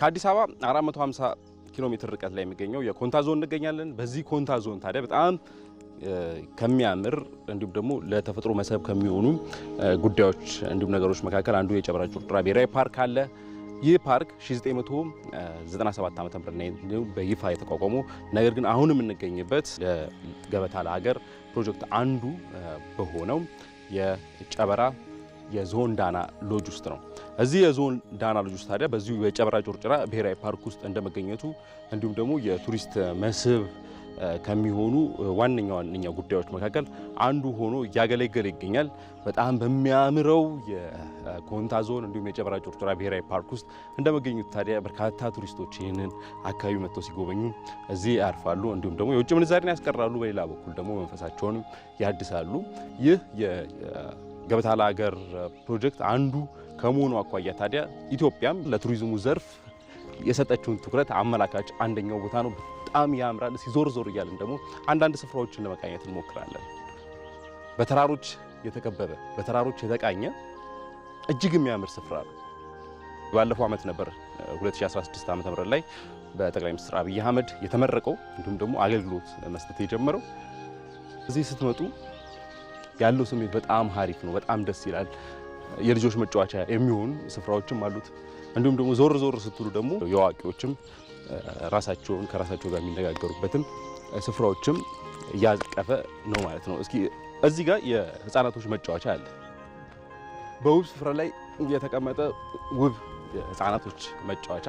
ከአዲስ አበባ 450 ኪሎ ሜትር ርቀት ላይ የሚገኘው የኮንታ ዞን እንገኛለን። በዚህ ኮንታ ዞን ታዲያ በጣም ከሚያምር እንዲሁም ደግሞ ለተፈጥሮ መስህብ ከሚሆኑ ጉዳዮች እንዲሁም ነገሮች መካከል አንዱ የጨበራ ጩርጩራ ብሔራዊ ፓርክ አለ። ይህ ፓርክ 1997 ዓ ም በይፋ የተቋቋሙ ነገር ግን አሁን የምንገኝበት ለገበታ ለሀገር ፕሮጀክት አንዱ በሆነው የጨበራ የዞን ዳና ሎጅ ውስጥ ነው። እዚህ የዞን ዳና ልጆች ታዲያ በዚሁ የጨብራ ጩርጭራ ብሔራዊ ፓርክ ውስጥ እንደመገኘቱ እንዲሁም ደግሞ የቱሪስት መስህብ ከሚሆኑ ዋነኛ ዋነኛ ጉዳዮች መካከል አንዱ ሆኖ እያገለገለ ይገኛል። በጣም በሚያምረው የኮንታ ዞን እንዲሁም የጨበራ ጩርጩራ ብሔራዊ ፓርክ ውስጥ እንደመገኙት ታዲያ በርካታ ቱሪስቶች ይህንን አካባቢ መጥተው ሲጎበኙ እዚህ ያርፋሉ፣ እንዲሁም ደግሞ የውጭ ምንዛሪን ያስቀራሉ። በሌላ በኩል ደግሞ መንፈሳቸውንም ያድሳሉ። ይህ ገበታ ለሀገር ፕሮጀክት አንዱ ከመሆኑ አኳያ ታዲያ ኢትዮጵያም ለቱሪዝሙ ዘርፍ የሰጠችውን ትኩረት አመላካች አንደኛው ቦታ ነው። በጣም ያምራል። ሲዞር ዞር እያለን ደግሞ አንዳንድ ስፍራዎችን ለመቃኘት እንሞክራለን። በተራሮች የተከበበ በተራሮች የተቃኘ እጅግ የሚያምር ስፍራ ነው። ባለፈው ዓመት ነበር 2016 ዓ ም ላይ በጠቅላይ ሚኒስትር አብይ አህመድ የተመረቀው እንዲሁም ደግሞ አገልግሎት መስጠት የጀመረው እዚህ ስትመጡ ያለው ስሜት በጣም ሀሪፍ ነው። በጣም ደስ ይላል። የልጆች መጫወቻ የሚሆኑ ስፍራዎችም አሉት። እንዲሁም ደግሞ ዞር ዞር ስትሉ ደግሞ የአዋቂዎችም ራሳቸውን ከራሳቸው ጋር የሚነጋገሩበትን ስፍራዎችም እያቀፈ ነው ማለት ነው። እስኪ እዚህ ጋር የህፃናቶች መጫወቻ አለ። በውብ ስፍራ ላይ የተቀመጠ ውብ የህፃናቶች መጫወቻ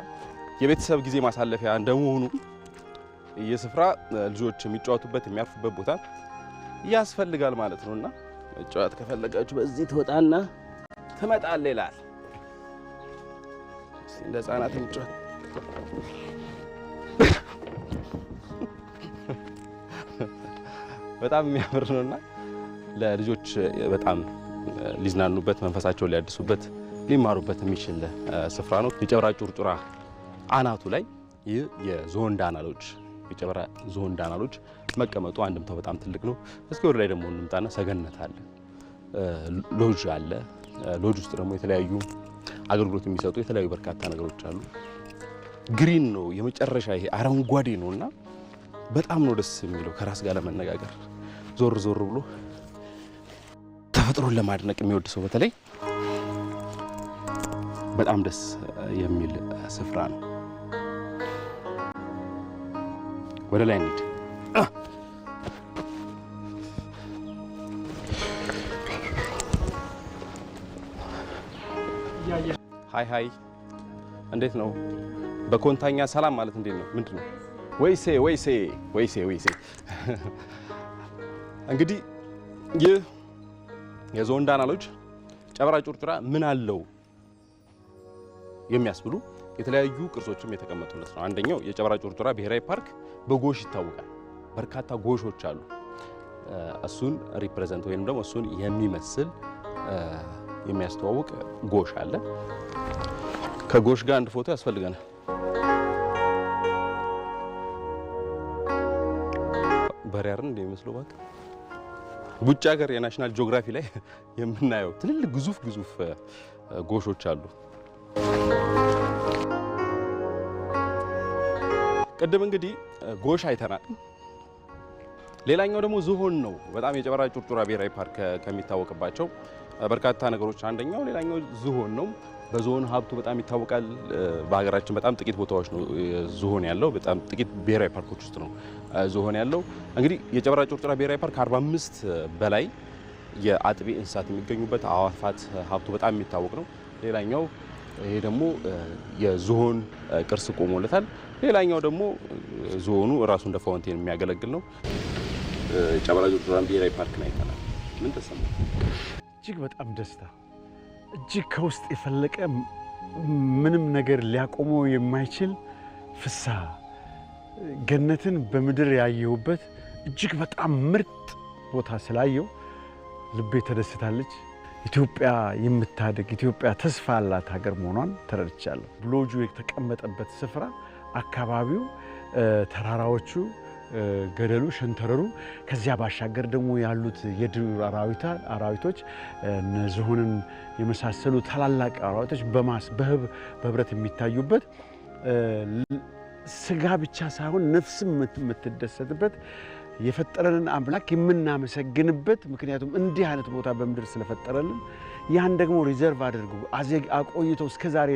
የቤተሰብ ጊዜ ማሳለፊያ እንደመሆኑ ይህ ስፍራ ልጆች የሚጫወቱበት የሚያርፉበት ቦታ ያስፈልጋል ማለት ነውና መጫወት ከፈለጋችሁ በዚህ ትወጣና ትመጣለህ ይላል። እንደ ህጻናት እንጫወት። በጣም የሚያምር ነውና ለልጆች በጣም ሊዝናኑበት፣ መንፈሳቸውን ሊያድሱበት፣ ሊማሩበት የሚችል ስፍራ ነው። የጨብራ ጩርጩራ አናቱ ላይ ይህ የዞንዳ አናሎች የጨበራ ዞን ዳናሎች መቀመጡ አንድምታው በጣም ትልቅ ነው። እስኪ ወደ ላይ ደግሞ እንምጣና ሰገነት አለ፣ ሎጅ አለ። ሎጅ ውስጥ ደግሞ የተለያዩ አገልግሎት የሚሰጡ የተለያዩ በርካታ ነገሮች አሉ። ግሪን ነው የመጨረሻ ይሄ አረንጓዴ ነው እና በጣም ነው ደስ የሚለው ከራስ ጋር ለመነጋገር ዞር ዞር ብሎ ተፈጥሮን ለማድነቅ የሚወድ ሰው በተለይ በጣም ደስ የሚል ስፍራ ነው። ወደ ላይ እንሂድ። ሀይ ሀይ፣ እንዴት ነው? በኮንታኛ ሰላም ማለት እንዴት ነው? ምንድን ነው? ወይሴ ወይሴ ወይሴ ወይሴ። እንግዲህ ይህ የዞንዳና ሎጅ ጨበራ ጩርጩራ ምን አለው የሚያስብሉ የተለያዩ ቅርሶችም የተቀመጡለት ነው። አንደኛው የጨበራ ጩርጩራ ብሔራዊ ፓርክ በጎሽ ይታወቃል። በርካታ ጎሾች አሉ። እሱን ሪፕሬዘንት ወይም ደግሞ እሱን የሚመስል የሚያስተዋውቅ ጎሽ አለ። ከጎሽ ጋር አንድ ፎቶ ያስፈልገናል። በሪያርን እንደሚመስለው እባክህ ውጭ ሀገር የናሽናል ጂኦግራፊ ላይ የምናየው ትልልቅ ግዙፍ ግዙፍ ጎሾች አሉ። ቅድም እንግዲህ ጎሽ አይተናል። ሌላኛው ደግሞ ዝሆን ነው። በጣም የጨበራ ጩርጩራ ብሔራዊ ፓርክ ከሚታወቅባቸው በርካታ ነገሮች አንደኛው ሌላኛው ዝሆን ነው። በዝሆን ሀብቱ በጣም ይታወቃል። በሀገራችን በጣም ጥቂት ቦታዎች ነው ዝሆን ያለው። በጣም ጥቂት ብሔራዊ ፓርኮች ውስጥ ነው ዝሆን ያለው። እንግዲህ የጨበራ ጩርጩራ ብሔራዊ ፓርክ 45 በላይ የአጥቢ እንስሳት የሚገኙበት አዋፋት ሀብቱ በጣም የሚታወቅ ነው። ሌላኛው ይሄ ደግሞ የዝሆን ቅርስ ቆሞለታል። ሌላኛው ደግሞ ዝሆኑ እራሱ እንደ ፋውንቴን የሚያገለግል ነው። ጨበራ ጆርዳን ብሔራዊ ፓርክ ላይ ይታላል። ምን ተሰማ? እጅግ በጣም ደስታ፣ እጅግ ከውስጥ የፈለቀ ምንም ነገር ሊያቆመው የማይችል ፍሳ ገነትን በምድር ያየሁበት እጅግ በጣም ምርጥ ቦታ ስላየው ልቤ ተደስታለች። ኢትዮጵያ የምታድግ ኢትዮጵያ ተስፋ ያላት ሀገር መሆኗን ተረድቻለሁ። ብሎጁ የተቀመጠበት ስፍራ አካባቢው፣ ተራራዎቹ፣ ገደሉ፣ ሸንተረሩ ከዚያ ባሻገር ደግሞ ያሉት የዱር አራዊቶች ዝሆንን የመሳሰሉ ታላላቅ አራዊቶች በማስ በህብረት የሚታዩበት ስጋ ብቻ ሳይሆን ነፍስም የምትደሰትበት የፈጠረንን አምላክ የምናመሰግንበት ምክንያቱም እንዲህ አይነት ቦታ በምድር ስለፈጠረልን ያን ደግሞ ሪዘርቭ አድርጉ አቆይተው እስከ ዛሬ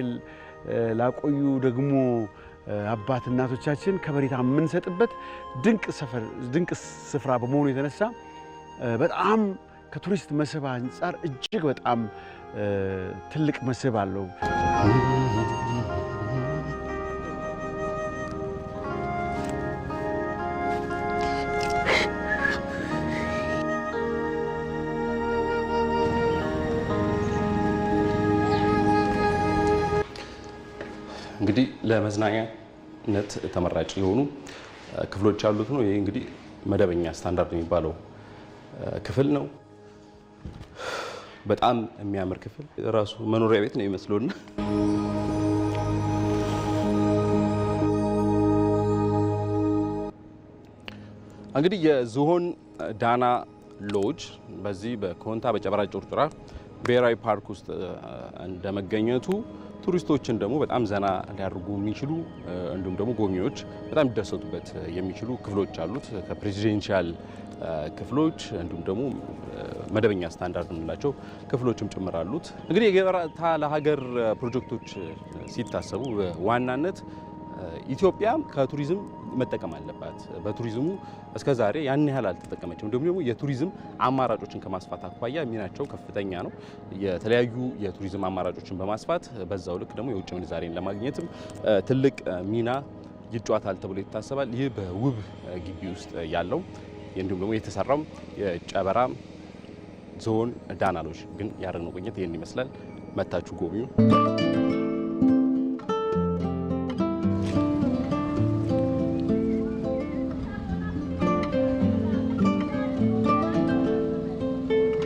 ላቆዩ ደግሞ አባት እናቶቻችን ከበሬታ የምንሰጥበት ድንቅ ድንቅ ስፍራ በመሆኑ የተነሳ በጣም ከቱሪስት መስህብ አንጻር እጅግ በጣም ትልቅ መስህብ አለው። ለመዝናኛነት ተመራጭ የሆኑ ክፍሎች ያሉት ነው። ይህ እንግዲህ መደበኛ ስታንዳርድ የሚባለው ክፍል ነው። በጣም የሚያምር ክፍል ራሱ መኖሪያ ቤት ነው ይመስለውና እንግዲህ የዝሆን ዳና ሎጅ በዚህ በኮንታ በጨበራ ጩርጩራ ብሔራዊ ፓርክ ውስጥ እንደመገኘቱ ቱሪስቶችን ደግሞ በጣም ዘና ሊያደርጉ የሚችሉ እንዲሁም ደግሞ ጎብኚዎች በጣም ሊደሰቱበት የሚችሉ ክፍሎች አሉት። ከፕሬዚደንሻል ክፍሎች እንዲሁም ደግሞ መደበኛ ስታንዳርድ የምንላቸው ክፍሎችም ጭምር አሉት። እንግዲህ የገበታ ለሀገር ፕሮጀክቶች ሲታሰቡ በዋናነት። ኢትዮጵያ ከቱሪዝም መጠቀም አለባት። በቱሪዝሙ እስከ ዛሬ ያን ያህል አልተጠቀመችም። እንዲሁም ደግሞ የቱሪዝም አማራጮችን ከማስፋት አኳያ ሚናቸው ከፍተኛ ነው። የተለያዩ የቱሪዝም አማራጮችን በማስፋት በዛው ልክ ደግሞ የውጭ ምንዛሬን ለማግኘትም ትልቅ ሚና ይጫወታል ተብሎ ይታሰባል። ይህ በውብ ግቢ ውስጥ ያለው እንዲሁም ደግሞ የተሰራው የጨበራ ዞን ዳናሎች ግን ያደረግነው ቆይታ ይህን ይመስላል። መታችሁ ጎብኙ።